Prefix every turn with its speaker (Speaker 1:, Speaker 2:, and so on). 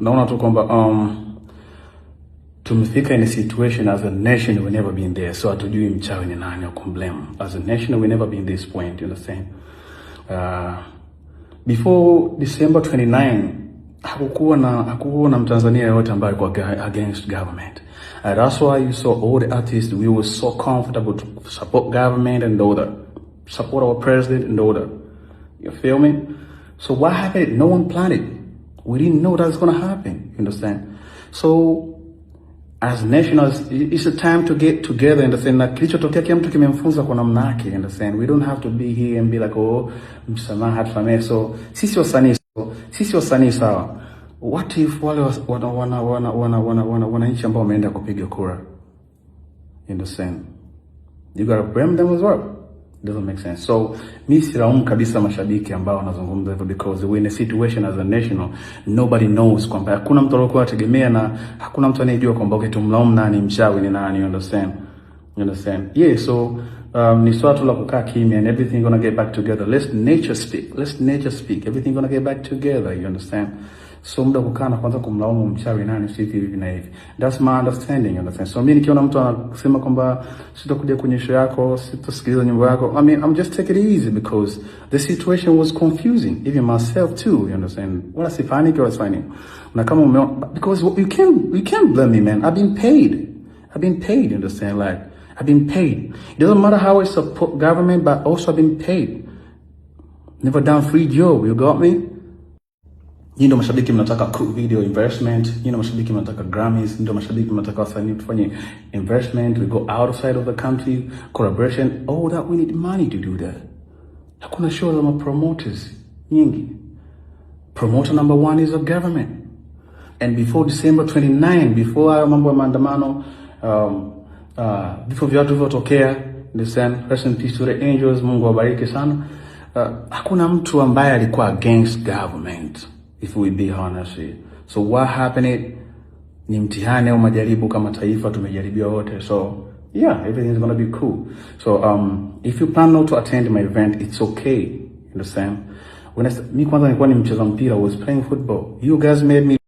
Speaker 1: naona tu kwamba um, tumefika in a situation as a nation we never been there, so hatujui mchawi ni nani au kumblame. As a nation we never been this point, you understand? Uh, before December 29 hakukuwa na hakukuwa na Mtanzania yote ambaye kwa against government. Uh, that's why you saw all the artists we were so comfortable to support government and all that. Support our president and all that. You feel me? So what happened? No one planned it. We didn't know that's going happen. You understand? So as nationals, it's a time to get together. Understand? Na kilichotokea kila mtu kimemfunza kwa namna yake. Understand? We don't have to be here and be like oh, msamaha tusamehe. So sisi wasanii, so, sisi wasanii sawa. What if wale wana wana wana wana wana wana wananchi ambao wameenda kupiga kura? You understand? You gotta blame them as well. Doesn't make sense. So mi silaumu kabisa mashabiki ambao wanazungumza hivyo because we in a situation as a national nobody knows kwamba hakuna mtu aliyokuwa ategemea na hakuna mtu anayejua kwamba ukitumlaumu nani mchawi ni nani, you understand? You understand? Yeah, so um, ni swala tu la kukaa kimya and everything gonna get back together. Let nature speak. Let nature speak. Everything gonna get back together, you understand? sio muda kukaa na kwanza kumlaumu mchawi nani, si hivi na hivi. That's my understanding of the So mimi nikiona mtu anasema kwamba sitakuja kwenye show yako, sitasikiliza nyimbo yako, I mean I'm just take it easy because the situation was confusing even myself too, you understand? Wala sifaniki wala sifaniki. Na kama ume because you can you can't blame me man. I've been paid. I've been paid, you understand? Like I've been paid. It doesn't matter how I support government, but also I've been paid. Never done free job, you got me? Nyinyi ndio mashabiki mnataka cool video investment, nyinyi ndio mashabiki mnataka Grammys, nyinyi ndio mashabiki mnataka wasanii tufanye investment, we go outside of the country, collaboration, all that we need money to do that. Na kuna show za promoters nyingi. Promoter number one is the government. And before December 29, before hayo mambo ya maandamano, um, uh, vifo vya watu vilivyotokea, understand, rest in peace to the angels, Mungu awabariki sana. Uh, hakuna mtu ambaye alikuwa against government if we be honest. So what happened ni mtihani au majaribu. Kama taifa tumejaribiwa wote, so yeah everything is gonna be cool. So um if you plan not to attend my event it's okay, you understand. When I, mi kwanza nilikuwa ni mcheza mpira, was playing football, you guys made me